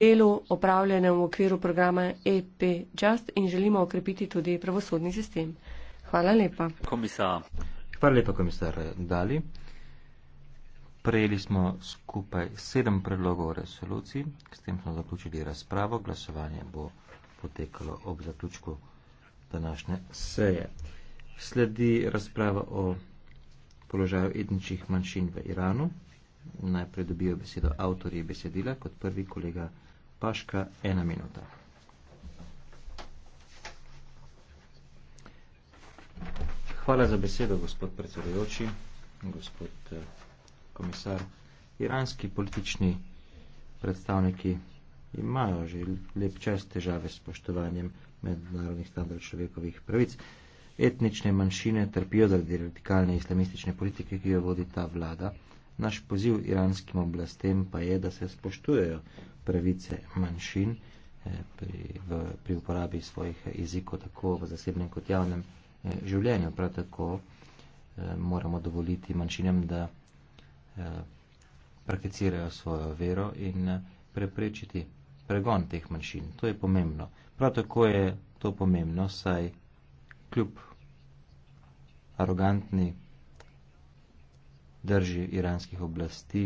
delu opravljenem v okviru programa EP Just in želimo okrepiti tudi pravosodni sistem. Hvala lepa. Komisar. Hvala lepa, komisar Dali. Prejeli smo skupaj sedem predlogov resolucij, s tem smo zaključili razpravo, glasovanje bo potekalo ob zaključku današnje seje. Sledi razprava o položaju etničnih manjšin v Iranu. Najprej dobijo besedo avtorji besedila kot prvi kolega. Paška, ena minuta. Hvala za besedo, gospod predsedujoči, gospod eh, komisar. Iranski politični predstavniki imajo že lep čas težave s poštovanjem mednarodnih standardov človekovih pravic. Etnične manjšine trpijo zaradi radikalne islamistične politike, ki jo vodi ta vlada. Naš poziv iranskim oblastem pa je, da se spoštujejo pravice manjšin eh, pri, v, pri uporabi svojih jezikov tako v zasebnem kot javnem eh, življenju. Prav tako eh, moramo dovoliti manjšinem, da prakticirajo svojo vero in preprečiti pregon teh manjšin. To je pomembno. Prav tako je to pomembno, saj kljub arogantni drži iranskih oblasti,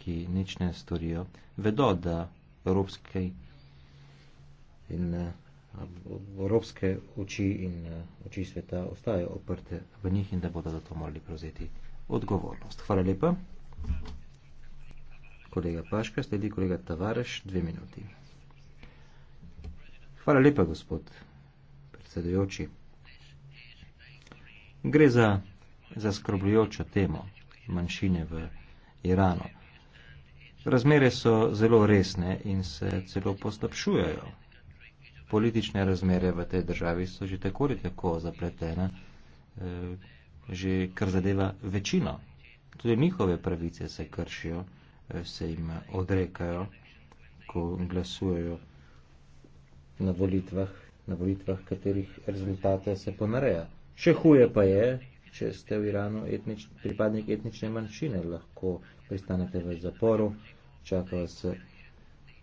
ki nič ne storijo, vedo, da evropske in eh, evropske oči in eh, oči sveta ostajajo oprte v njih in da bodo za to morali prevzeti odgovornost. Hvala lepa. Kolega Paška, sledi kolega Tavareš, dve minuti. Hvala lepa, gospod predsedujoči. Gre za zaskrbljujočo temo manjšine v Iranu. Razmere so zelo resne in se celo poslabšujejo. Politične razmere v tej državi so že tako ali tako zapletene, eh, že kar zadeva večino. Tudi njihove pravice se kršijo, eh, se jim odrekajo, ko glasujejo na volitvah, na volitvah katerih rezultate se ponareja. Še huje pa je, če ste v Iranu etnič, pripadnik etnične manjšine, lahko pristanete v zaporu, čaka vas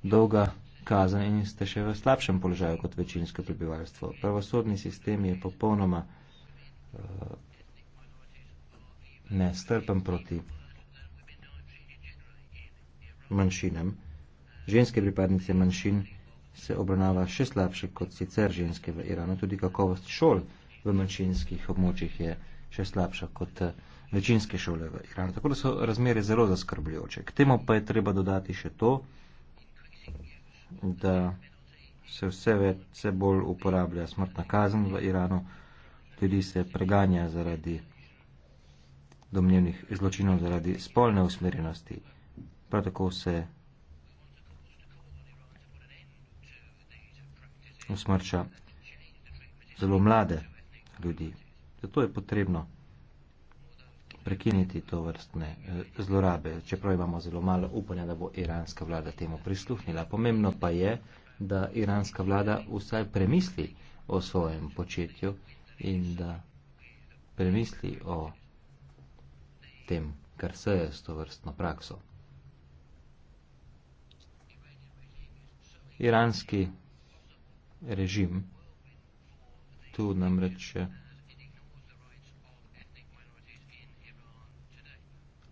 dolga kazen in ste še v slabšem položaju kot večinsko prebivalstvo. Pravosodni sistem je popolnoma uh, nestrpen proti manjšinam. Ženske pripadnice manjšin se obravnava še slabše kot sicer ženske v Iranu. Tudi kakovost šol v manjšinskih območjih je uh, še slabša kot eh, večinske šole v Iranu. Tako da so razmere zelo zaskrbljujoče. K temu pa je treba dodati še to, da se vse, ve, vse bolj uporablja smrtna kazen v Iranu, tudi se preganja zaradi domnevnih zločinov, zaradi spolne usmerjenosti. Prav tako se usmrča zelo mlade ljudi. Zato je potrebno prekiniti to vrstne eh, zlorabe, čeprav imamo zelo malo upanja, da bo iranska vlada temu prisluhnila. Pomembno pa je, da iranska vlada vsaj premisli o svojem početju in da premisli o tem, kar se je s to vrstno prakso. Iranski režim tu namreč eh,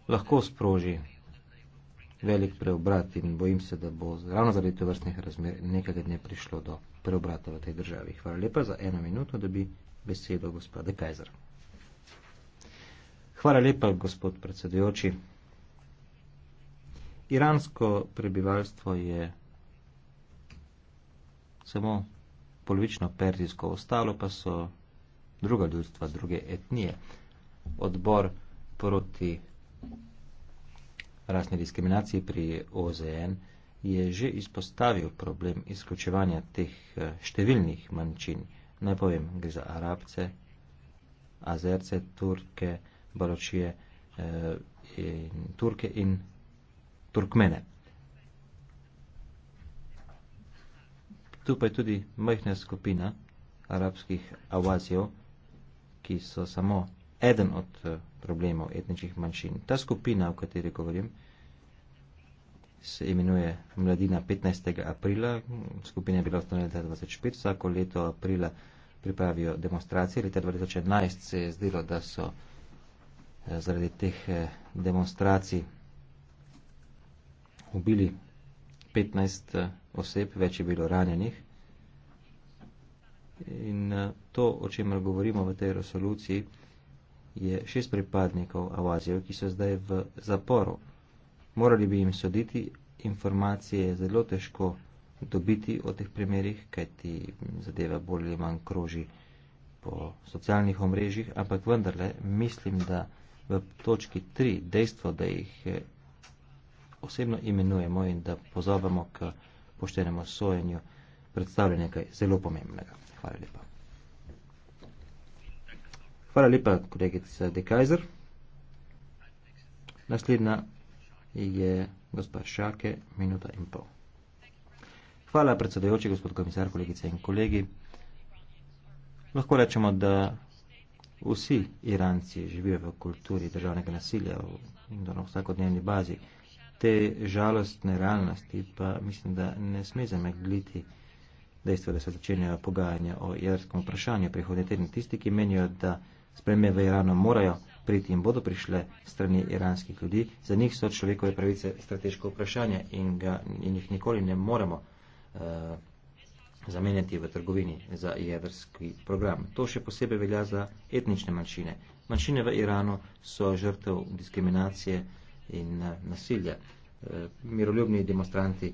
lahko sproži velik preobrat in bojim se, da bo ravno zaradi te vrstnih razmer nekaj dne prišlo do preobrata v tej državi. Hvala lepa za eno minuto, da bi besedo gospode Kajzer. Hvala lepa, gospod predsedujoči. Iransko prebivalstvo je samo polovično persijsko, ostalo pa so druga ljudstva, druge etnije. Odbor proti Rasne diskriminacije pri OZN je že izpostavil problem izključevanja teh eh, številnih manjčin. Naj povem, gre za Arabce, Azerce, Turke, Baločije, eh, in Turke in Turkmene. Tu pa je tudi majhna skupina arabskih avazijev, ki so samo eden od eh, problemov etničnih manjšin. Ta skupina, o kateri govorim, se imenuje Mladina 15. aprila. Skupina je bila ustanovljena leta 2005. Vsako leto aprila pripravijo demonstracije. Leta 2011 se je zdelo, da so eh, zaradi teh eh, demonstracij ubili 15 oseb, več je bilo ranjenih. In to, o čemer govorimo v tej resoluciji, je šest pripadnikov Avazijo, ki so zdaj v zaporu. Morali bi jim soditi, informacije je zelo težko dobiti o teh primerih, kajti zadeva bolj ali manj kroži po socialnih omrežjih, ampak vendarle mislim, da v točki 3 dejstvo, da jih eh, osebno imenujemo in da pozovemo k poštenemu sojenju, predstavlja nekaj zelo pomembnega. Hvala lepa. Hvala lepa, kolegica De Kajzer. Naslednja je gospa Šake, minuta in pol. Hvala, predsedojoči, gospod komisar, kolegice in kolegi. Lahko rečemo, da vsi Iranci živijo v kulturi državnega nasilja in da na vsakodnevni bazi te žalostne realnosti pa mislim, da ne sme zamegliti dejstvo, da se začenjajo pogajanja o jedrskem vprašanju prihodnje tedne. Tisti, ki menijo, da Spremembe v Iranu morajo priti in bodo prišle strani iranskih ljudi. Za njih so človekove pravice strateško vprašanje in, ga, in jih nikoli ne moremo uh, zamenjati v trgovini za jedrski program. To še posebej velja za etnične manjšine. Manjšine v Iranu so žrtev diskriminacije in uh, nasilja. Uh, miroljubni demonstranti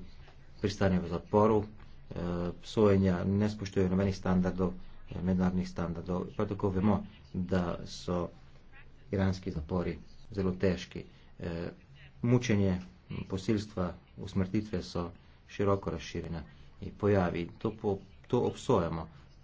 pristanejo v zaporu, uh, sojenja ne spoštujejo nobenih standardov, uh, mednarodnih standardov. Prav tako vemo, da so iranski zapori zelo težki. E, mučenje, posilstva, usmrtitve so široko razširjena in pojavi. To, po, to obsojamo.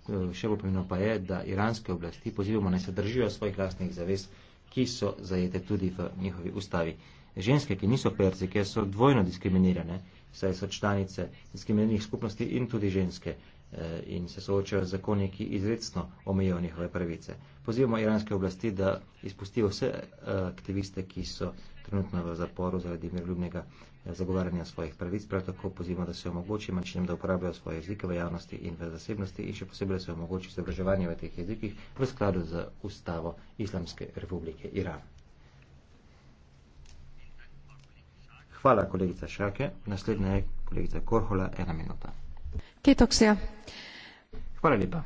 E, še bolj pomembno pa je, da iranske oblasti pozivamo naj se držijo svojih lastnih zavez, ki so zajete tudi v njihovi ustavi. Ženske, ki niso perzike, so dvojno diskriminirane, saj so članice diskriminiranih skupnosti in tudi ženske. Eh, in se soočajo z zakoni, ki izredno omejijo njihove pravice. Pozivamo iranske oblasti, da izpustijo vse eh, aktiviste, ki so trenutno v zaporu zaradi miroljubnega eh, zagovarjanja svojih pravic. Prav tako pozivamo, da se omogoči manjšinam, da uporabljajo svoje jezike v javnosti in v zasebnosti in še posebej, da se omogoči izobraževanje v teh jezikih v skladu z ustavo Islamske republike Iran. Hvala, kolegica Šake. Naslednja je kolegica Korhola, ena minuta. Kitoksia. Hvala lepa.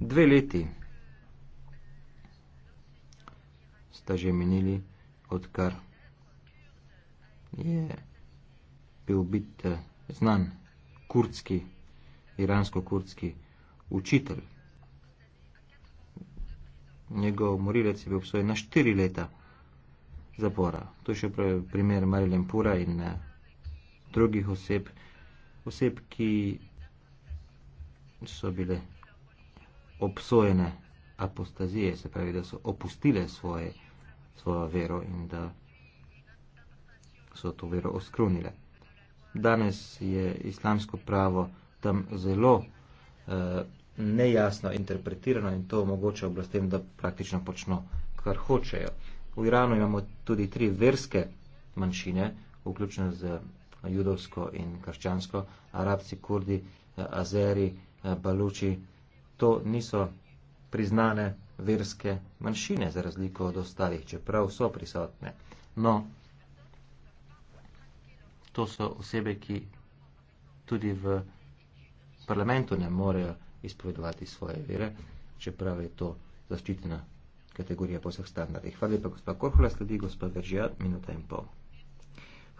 Dve leti sta že menili, odkar je bil bit eh, znan kurdski, iransko-kurdski učitelj. Njegov morilec je bil obsojen na štiri leta zapora. To je še primer Marilyn Pura in eh, drugih oseb, oseb, ki so bile obsojene apostazije, se pravi, da so opustile svoje, svojo vero in da so to vero oskrunile. Danes je islamsko pravo tam zelo uh, nejasno interpretirano in to omogoča oblastem, da praktično počno, kar hočejo. V Iranu imamo tudi tri verske manjšine, vključno z judovsko in krščansko, arabci, kurdi, azeri, baluči. To niso priznane verske manjšine, za razliko od ostalih, čeprav so prisotne. No, to so osebe, ki tudi v parlamentu ne morejo izpovedovati svoje vere, čeprav je to zaščitena kategorija po vseh standardih. Hvala lepa, gospod Korhula, sledi gospod Veržijat, minuta in pol.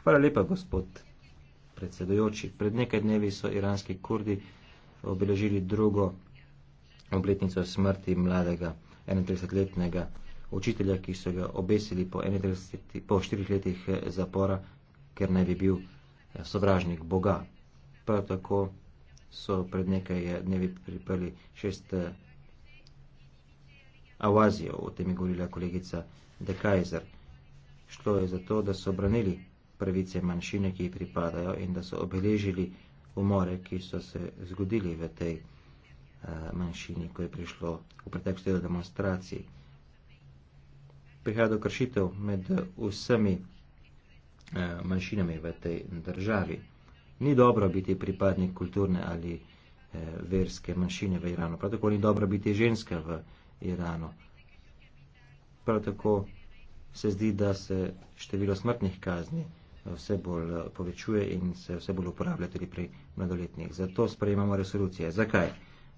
Hvala lepa, gospod predsedojoči. Pred nekaj dnevi so iranski kurdi obeležili drugo obletnico smrti mladega 31-letnega učitelja, ki so ga obesili po, 31, po 4 letih eh, zapora, ker naj bi bil eh, sovražnik Boga. Prav tako so pred nekaj eh, dnevi priprli šest avazijo, o tem je govorila kolegica De Kaiser. Šlo je za to, da so branili pravice manjšine, ki ji pripadajo in da so obeležili umore, ki so se zgodili v tej eh, manjšini, ko je prišlo v preteklosti do demonstracij. Prihaja do kršitev med vsemi eh, manjšinami v tej državi. Ni dobro biti pripadnik kulturne ali eh, verske manjšine v Iranu. Prav tako ni dobro biti ženska v Iranu. Prav tako se zdi, da se število smrtnih kazni vse bolj eh, povečuje in se vse bolj uporablja tudi pri mladoletnih. Zato sprejemamo resolucije. Zakaj?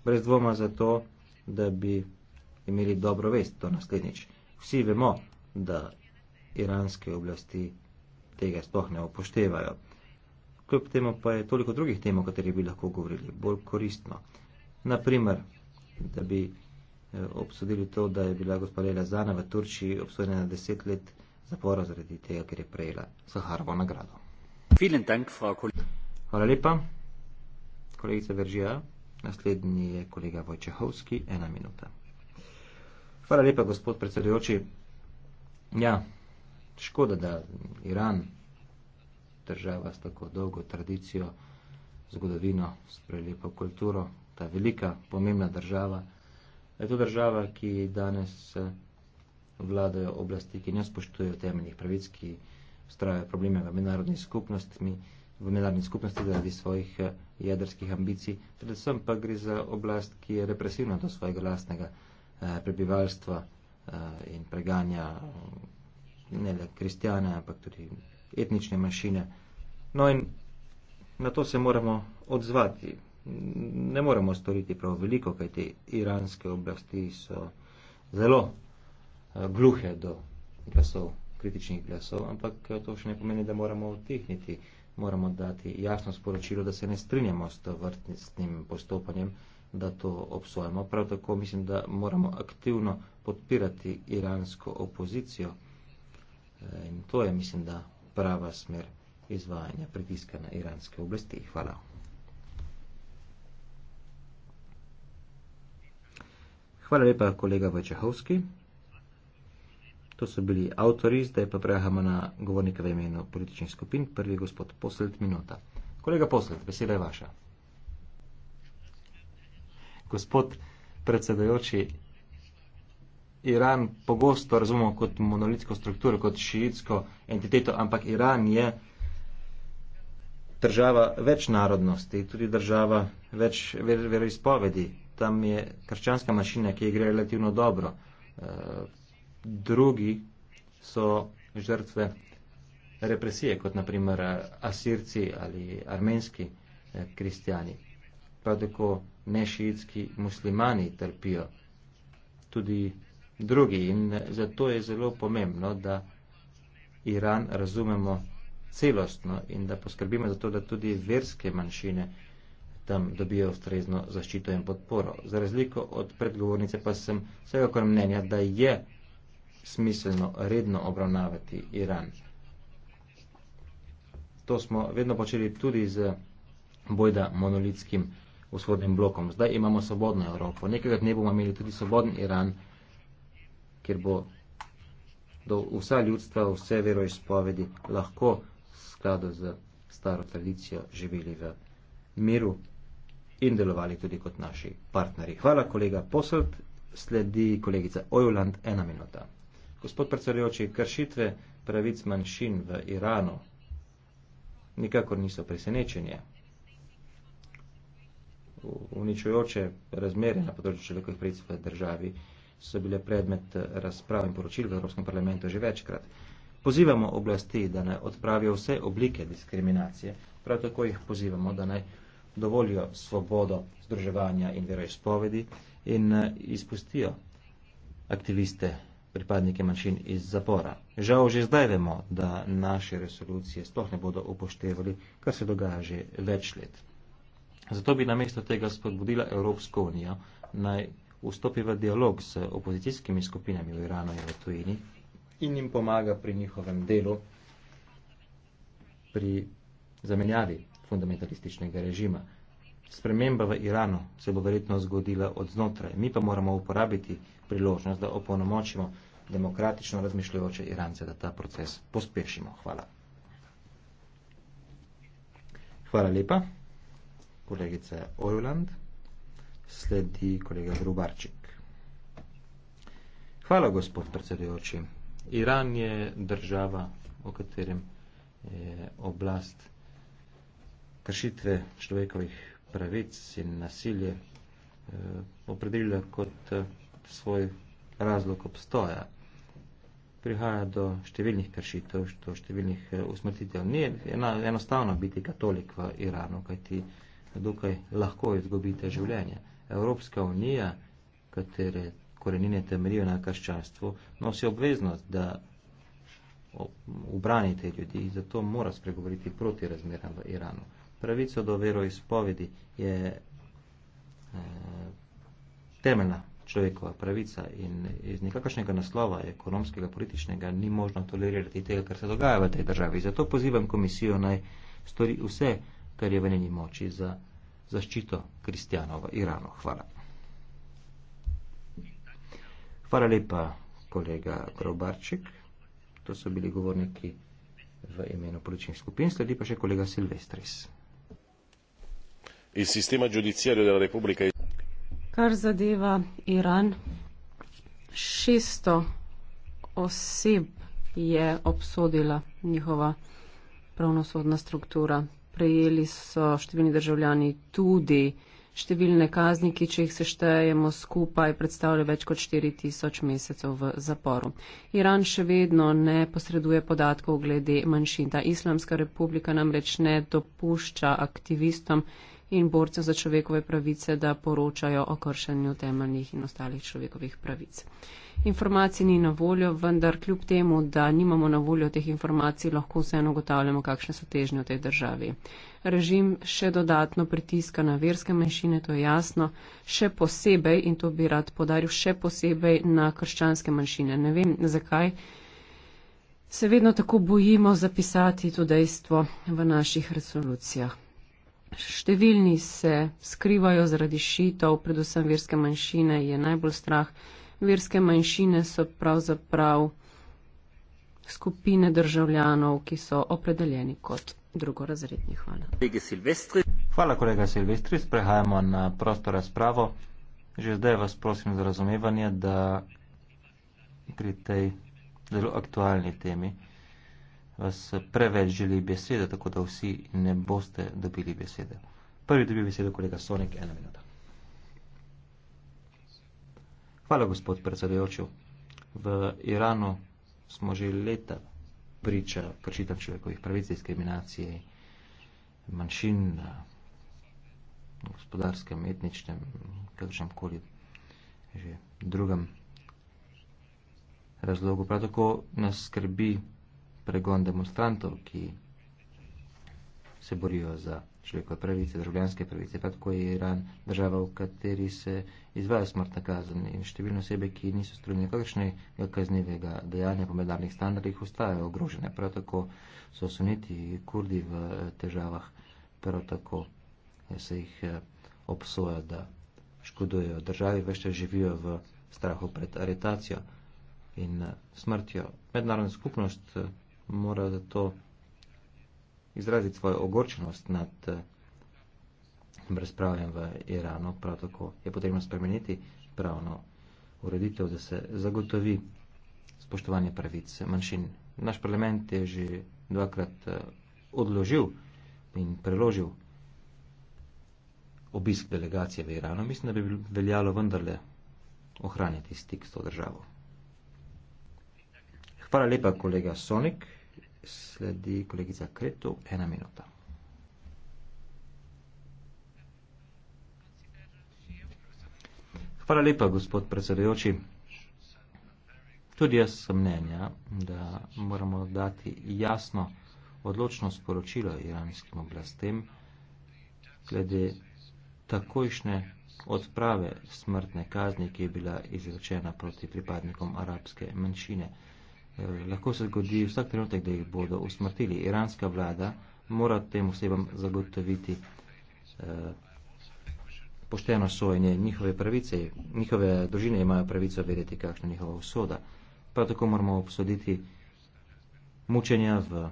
Brez dvoma zato, da bi imeli dobro vest do naslednjič. Vsi vemo, da iranske oblasti tega sploh ne upoštevajo. Kljub temu pa je toliko drugih tem, o katerih bi lahko govorili, bolj koristno. Naprimer, da bi eh, obsodili to, da je bila gospodina Zana v Turčiji obsodena na deset let zapora zaradi tega, ker je prejela Saharovo nagrado. Hvala lepa, kolegica Veržija. Naslednji je kolega Vojčehovski, ena minuta. Hvala lepa, gospod predsedujoči. Ja, škoda, da Iran, država s tako dolgo tradicijo, zgodovino, s prelepo kulturo, ta velika, pomembna država, je to država, ki danes. Eh, vladajo oblasti, ki ne spoštujejo temeljnih pravic, ki ustrajajo probleme v mednarodni skupnosti, v mednarodni skupnosti zaradi svojih eh, jedrskih ambicij, predvsem pa gre za oblast, ki je represivna do svojega lastnega eh, prebivalstva eh, in preganja ne le kristjane, ampak tudi etnične mašine. No in na to se moramo odzvati. Ne moremo storiti prav veliko, kajti iranske oblasti so zelo Eh, gluhe do glasov, kritičnih glasov, ampak eh, to še ne pomeni, da moramo utihniti, moramo dati jasno sporočilo, da se ne strinjamo s to vrtnim postopanjem, da to obsojamo. Prav tako mislim, da moramo aktivno podpirati iransko opozicijo eh, in to je, mislim, da prava smer izvajanja pritiska na iranske oblasti. Hvala. Hvala lepa, kolega Vajčehovski. To so bili avtori, zdaj pa prehajamo na govornika v imenu političnih skupin. Prvi je gospod Posled Minuta. Kolega Posled, beseda je vaša. Gospod predsedajoči, Iran pogosto razumemo kot monolitsko strukturo, kot šiitsko entiteto, ampak Iran je država več narodnosti, tudi država več veroizpovedi. Tam je krščanska mašina, ki je gre relativno dobro. Uh, drugi so žrtve represije, kot naprimer eh, Asirci ali armenski eh, kristijani. Prav tako nešiitski muslimani trpijo tudi drugi in eh, zato je zelo pomembno, da Iran razumemo celostno in da poskrbimo za to, da tudi verske manjšine tam dobijo ustrezno zaščito in podporo. Za razliko od predgovornice pa sem vsega kar mnenja, da je smiselno redno obravnavati Iran. To smo vedno počeli tudi z bojda monolitskim vzhodnim blokom. Zdaj imamo svobodno Evropo. Nekega dne bomo imeli tudi svoboden Iran, kjer bo do vsa ljudstva, vse veroizpovedi lahko skladu z staro tradicijo živeli v miru in delovali tudi kot naši partneri. Hvala kolega Poselt, sledi kolegica Ojuland, ena minuta. Gospod predsedujoči, kršitve pravic manjšin v Iranu nikakor niso presenečenje. Uničujoče razmere na področju človekovih pravic v državi so bile predmet razprav in poročil v Evropskem parlamentu že večkrat. Pozivamo oblasti, da naj odpravijo vse oblike diskriminacije, prav tako jih pozivamo, da naj dovolijo svobodo združevanja in veroizpovedi in eh, izpustijo aktiviste pripadnike manjšin iz zapora. Žal že zdaj vemo, da naše resolucije sploh ne bodo upoštevali, kar se dogaja že več let. Zato bi namesto tega spodbudila Evropsko unijo naj vstopi v dialog s opozicijskimi skupinami v Iranu in v tujini in jim pomaga pri njihovem delu pri zamenjavi fundamentalističnega režima. Sprememba v Iranu se bo verjetno zgodila od znotraj. Mi pa moramo uporabiti priložnost, da opolnomočimo demokratično razmišljajoče Irance, da ta proces pospešimo. Hvala. Hvala lepa, kolegica Ojuland. Sledi kolega Grubarčik. Hvala, gospod predsedujoči. Iran je država, o katerem je oblast kršitve človekovih pravic in nasilje eh, opredelila kot eh, svoj razlog obstoja. Prihaja do številnih kršitev, do številnih eh, usmrtitev. Ni enostavno biti katolik v Iranu, kajti dokaj lahko izgubite življenje. Evropska unija, katere korenine temeljijo na krščanstvu, nosi obveznost, da ubranite ljudi in zato mora spregovoriti proti razmeram v Iranu pravico do veroizpovedi je eh, temeljna človekova pravica in iz nekakšnega naslova ekonomskega, političnega ni možno tolerirati tega, kar se dogaja v tej državi. Zato pozivam komisijo naj stori vse, kar je v njeni moči za zaščito kristijanov v Iranu. Hvala. Hvala lepa, kolega Grobarček. To so bili govorniki v imenu političnih skupin. Sledi pa še kolega Silvestris iz sistema judiciarja della Repubblica. Kar zadeva Iran, 600 oseb je obsodila njihova pravnosodna struktura. Prejeli so številni državljani tudi številne kazni, ki če jih seštejemo skupaj, predstavljajo več kot 4000 mesecev v zaporu. Iran še vedno ne posreduje podatkov glede manjšin. Ta Islamska republika namreč ne dopušča aktivistom in borcev za človekove pravice, da poročajo o kršenju temeljnih in ostalih človekovih pravic. Informacij ni na voljo, vendar kljub temu, da nimamo na voljo teh informacij, lahko vseeno ugotavljamo, kakšne so težnje v tej državi. Režim še dodatno pritiska na verske manjšine, to je jasno, še posebej, in to bi rad podaril, še posebej na krščanske manjšine. Ne vem, zakaj se vedno tako bojimo zapisati to dejstvo v naših resolucijah. Številni se skrivajo zaradi šitov, predvsem verske manjšine je najbolj strah. Verske manjšine so pravzaprav skupine državljanov, ki so opredeljeni kot drugorazredni. Hvala. Hvala, kolega Silvestri. Sprehajamo na prosto razpravo. Že zdaj vas prosim za razumevanje, da pri tej zelo aktualni temi vas preveč želi besede, tako da vsi ne boste dobili besede. Prvi dobi besedo kolega Sonik, ena minuta. Hvala, gospod predsedujoči. V Iranu smo že leta priča kršitev človekovih pravic, diskriminacije manjšin na gospodarskem, etničnem, kakšnem koli že drugem razlogu. Prav tako nas skrbi pregon demonstrantov, ki se borijo za človekove pravice, državljanske pravice, pa tako je Iran država, v kateri se izvaja smrtna kazen in številne osebe, ki niso strojni kakršnega kaznivega dejanja po mednarodnih standardih, ostajajo ogrožene. Prav tako so suniti kurdi v eh, težavah, prav tako eh, se jih eh, obsoja, da škodujejo državi, vešče živijo v strahu pred aretacijo in smrtjo. Mednarodna skupnost mora zato izraziti svojo ogorčenost nad eh, brezpravjem v Iranu. Prav tako je potrebno spremeniti pravno ureditev, da se zagotovi spoštovanje pravic manjšin. Naš parlament je že dvakrat eh, odložil in preložil obisk delegacije v Iranu. Mislim, da bi veljalo vendarle ohraniti stik s to državo. Hvala lepa, kolega Sonik. Sledi kolegica Kreto, ena minuta. Hvala lepa, gospod predsedujoči. Tudi jaz sem mnenja, da moramo dati jasno, odločno sporočilo iranskim oblastem glede takojšnje odprave smrtne kazni, ki je bila izrečena proti pripadnikom arabske manjšine. Eh, lahko se zgodi vsak trenutek, da jih bodo usmrtili. Iranska vlada mora tem osebam zagotoviti eh, pošteno sojenje njihove pravice. Njihove družine imajo pravico vedeti, kakšna je njihova usoda. Prav tako moramo obsoditi mučenja v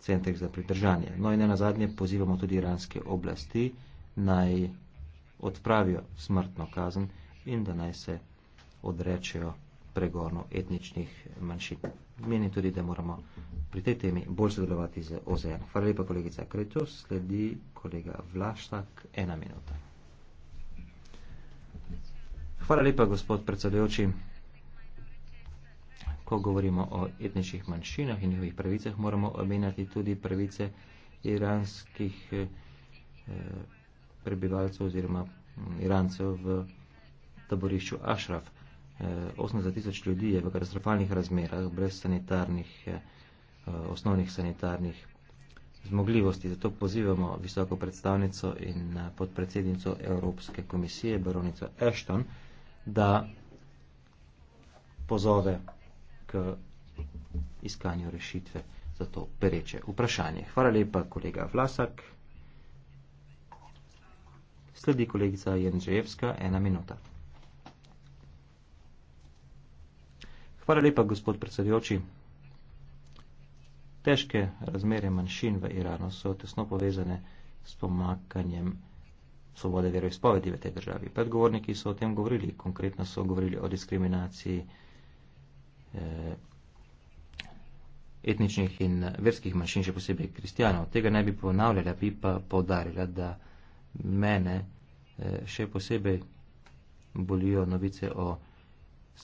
centrih za pridržanje. No in ne nazadnje pozivamo tudi iranske oblasti naj odpravijo smrtno kazen in da naj se odrečejo pregonu etničnih manjšin. Menim tudi, da moramo pri tej temi bolj sodelovati z OZN. Hvala lepa, kolegica Kretos. Sledi kolega Vlaštak, ena minuta. Hvala lepa, gospod predsedujoči. Ko govorimo o etničnih manjšinah in njihovih pravicah, moramo omenjati tudi pravice iranskih eh, prebivalcev oziroma Irancev v taborišču Ašraf. 80 eh, tisoč ljudi je v katastrofalnih razmerah, brez sanitarnih, eh, osnovnih sanitarnih zmogljivosti. Zato pozivamo visoko predstavnico in eh, podpredsednico Evropske komisije, baronico Ashton, da pozove k iskanju rešitve za to pereče vprašanje. Hvala lepa, kolega Vlasak. Sledi kolegica Jendrzejevska, ena minuta. Hvala lepa, gospod predsedujoči. Težke razmere manjšin v Iranu so tesno povezane s pomakanjem svobode veroizpovedi v tej državi. Predgovorniki so o tem govorili, konkretno so govorili o diskriminaciji eh, etničnih in verskih manjšin, še posebej kristijanov. Tega ne bi ponavljala, bi pa podarila, da mene eh, še posebej bolijo novice o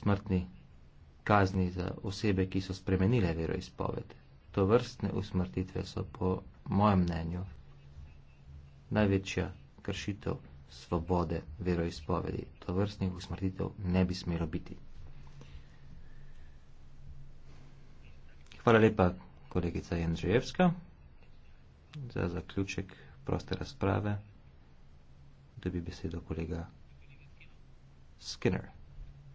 smrtni kazni za osebe, ki so spremenile veroizpoved. To vrstne usmrtitve so po mojem mnenju največja kršitev svobode veroizpovedi. To vrstnih usmrtitev ne bi smelo biti. Hvala lepa, kolegica Janžejevska, za zaključek proste razprave. Dobi besedo kolega Skinner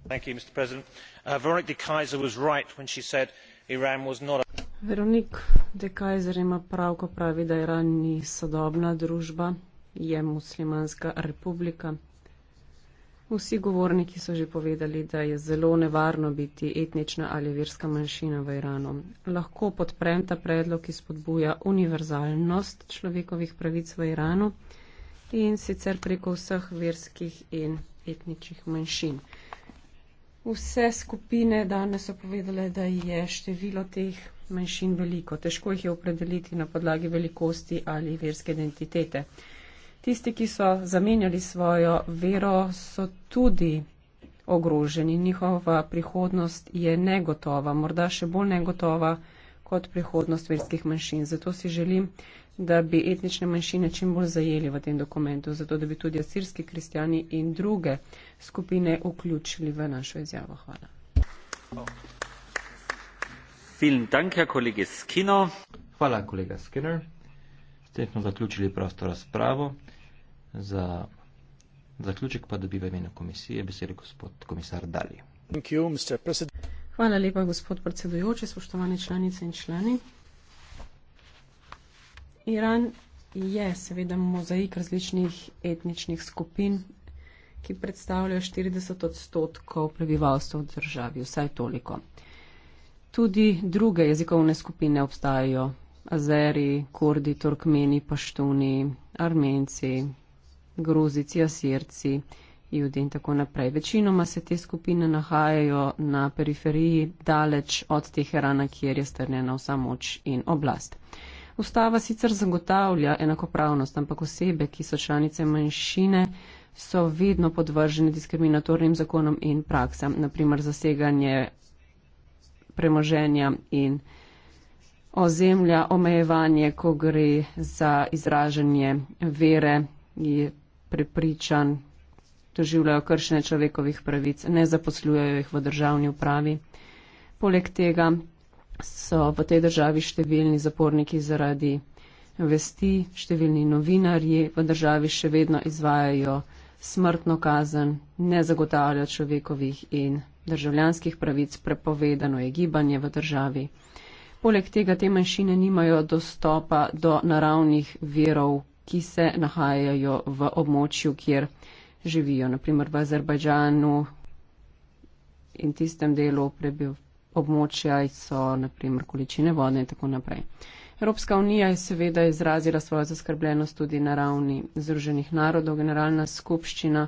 mr president uh, veronique de keyser was right when she said iran was not. veronique de keyser ima prav ko pravi da iran ni sodobna družba je muslimanska republika vsi govorniki so že povedali da je zelo nevarno biti etnična ali verska manjšina v iranu lahko podprem ta predlog ki spodbuja univerzalnost človekovih pravic v iranu in sicer preko vseh verskih in etničnih manjšin. Vse skupine danes so povedale, da je število teh manjšin veliko. Težko jih je opredeliti na podlagi velikosti ali verske identitete. Tisti, ki so zamenjali svojo vero, so tudi ogroženi. Njihova prihodnost je negotova, morda še bolj negotova kot prihodnost verskih manjšin. Zato si želim, da bi etnične manjšine čim bolj zajeli v tem dokumentu, zato da bi tudi asirski kristijani in druge skupine vključili v našo izjavo. Hvala. Hvala, kolega Skinner. S tem smo zaključili prosto razpravo. Za zaključek pa dobiva imeno komisije besedo gospod komisar Dali. Thank you, Mr. President. Hvala lepa, gospod predsedujoči, spoštovane članice in člani. Iran je seveda mozaik različnih etničnih skupin, ki predstavljajo 40 odstotkov prebivalstva v državi, vsaj toliko. Tudi druge jezikovne skupine obstajajo, azeri, kurdi, turkmeni, paštuni, armenci, gruzici, asirci. Judi in tako naprej. Večinoma se te skupine nahajajo na periferiji, daleč od Teherana, kjer je strnjena vsa moč in oblast. Ustava sicer zagotavlja enakopravnost, ampak osebe, ki so članice manjšine, so vedno podvržene diskriminatornim zakonom in praksam, naprimer zaseganje premoženja in ozemlja, omejevanje, ko gre za izražanje vere, je prepričan doživljajo kršene človekovih pravic, ne zaposlujajo jih v državni upravi. Poleg tega so v tej državi številni zaporniki zaradi vesti, številni novinarji v državi še vedno izvajajo smrtno kazen, ne zagotavljajo človekovih in državljanskih pravic, prepovedano je gibanje v državi. Poleg tega te manjšine nimajo dostopa do naravnih verov, ki se nahajajo v območju, kjer živijo, naprimer v Azerbajdžanu in tistem delu prebiv območja so naprimer količine vode in tako naprej. Evropska unija je seveda izrazila svojo zaskrbljenost tudi na ravni Združenih narodov. Generalna skupščina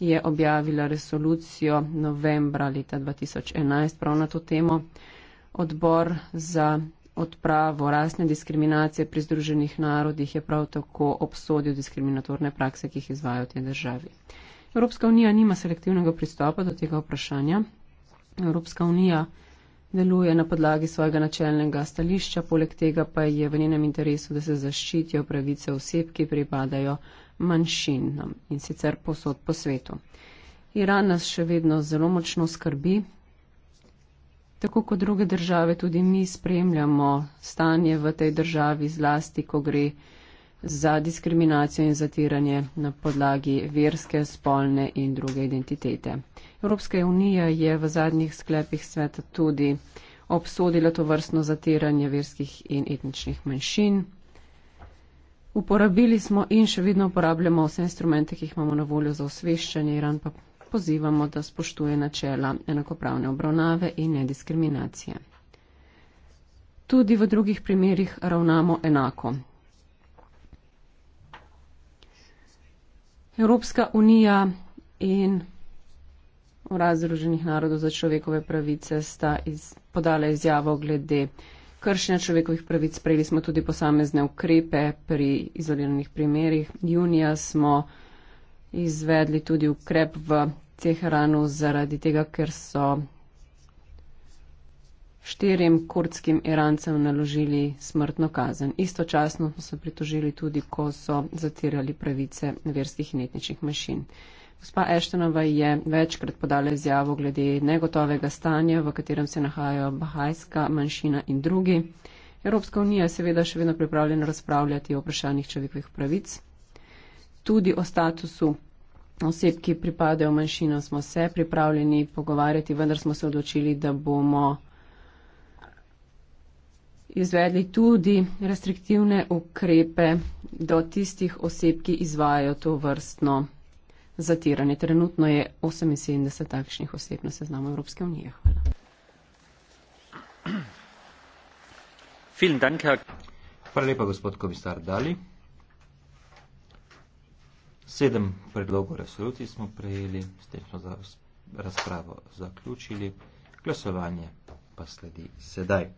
je objavila resolucijo novembra leta 2011 prav na to temo. Odbor za odpravo rasne diskriminacije pri Združenih narodih je prav tako obsodil diskriminatorne prakse, ki jih izvajo v tej državi. Evropska unija nima selektivnega pristopa do tega vprašanja. Evropska unija deluje na podlagi svojega načelnega stališča, poleg tega pa je v njenem interesu, da se zaščitijo pravice oseb, ki pripadajo manjšinam in sicer posod po svetu. Iran nas še vedno zelo močno skrbi, tako kot druge države, tudi mi spremljamo stanje v tej državi, zlasti, ko gre za diskriminacijo in zatiranje na podlagi verske, spolne in druge identitete. Evropska unija je v zadnjih sklepih sveta tudi obsodila to vrstno zatiranje verskih in etničnih manjšin. Uporabili smo in še vedno uporabljamo vse instrumente, ki jih imamo na voljo za osveščanje. Iran pa pozivamo, da spoštuje načela enakopravne obravnave in nediskriminacije. Tudi v drugih primerjih ravnamo enako. Evropska unija in Uraz Združenih narodov za človekove pravice sta iz, podala izjavo glede kršenja človekovih pravic. Sprejeli smo tudi posamezne ukrepe pri izoliranih primerjih. Junija smo izvedli tudi ukrep v Teheranu zaradi tega, ker so štirim kurdskim Irancem naložili smrtno kazen. Istočasno smo se pritožili tudi, ko so zatirali pravice verskih in etničnih manjšin. Gospa Eštenova je večkrat podala izjavo glede negotovega stanja, v katerem se nahajajo bahajska manjšina in drugi. Evropska unija je seveda še vedno pripravljena razpravljati o vprašanjih človekovih pravic. Tudi o statusu oseb, ki pripadajo manjšino, smo se pripravljeni pogovarjati, vendar smo se odločili, da bomo izvedli tudi restriktivne ukrepe do tistih oseb, ki izvajajo to vrstno zatiranje. Trenutno je 78 takšnih oseb na seznamu Evropske unije. Hvala. Hvala lepa, gospod komisar Dali. Sedem predlogov resolucij smo prejeli, s tem smo za razpravo zaključili, glasovanje pa sledi sedaj.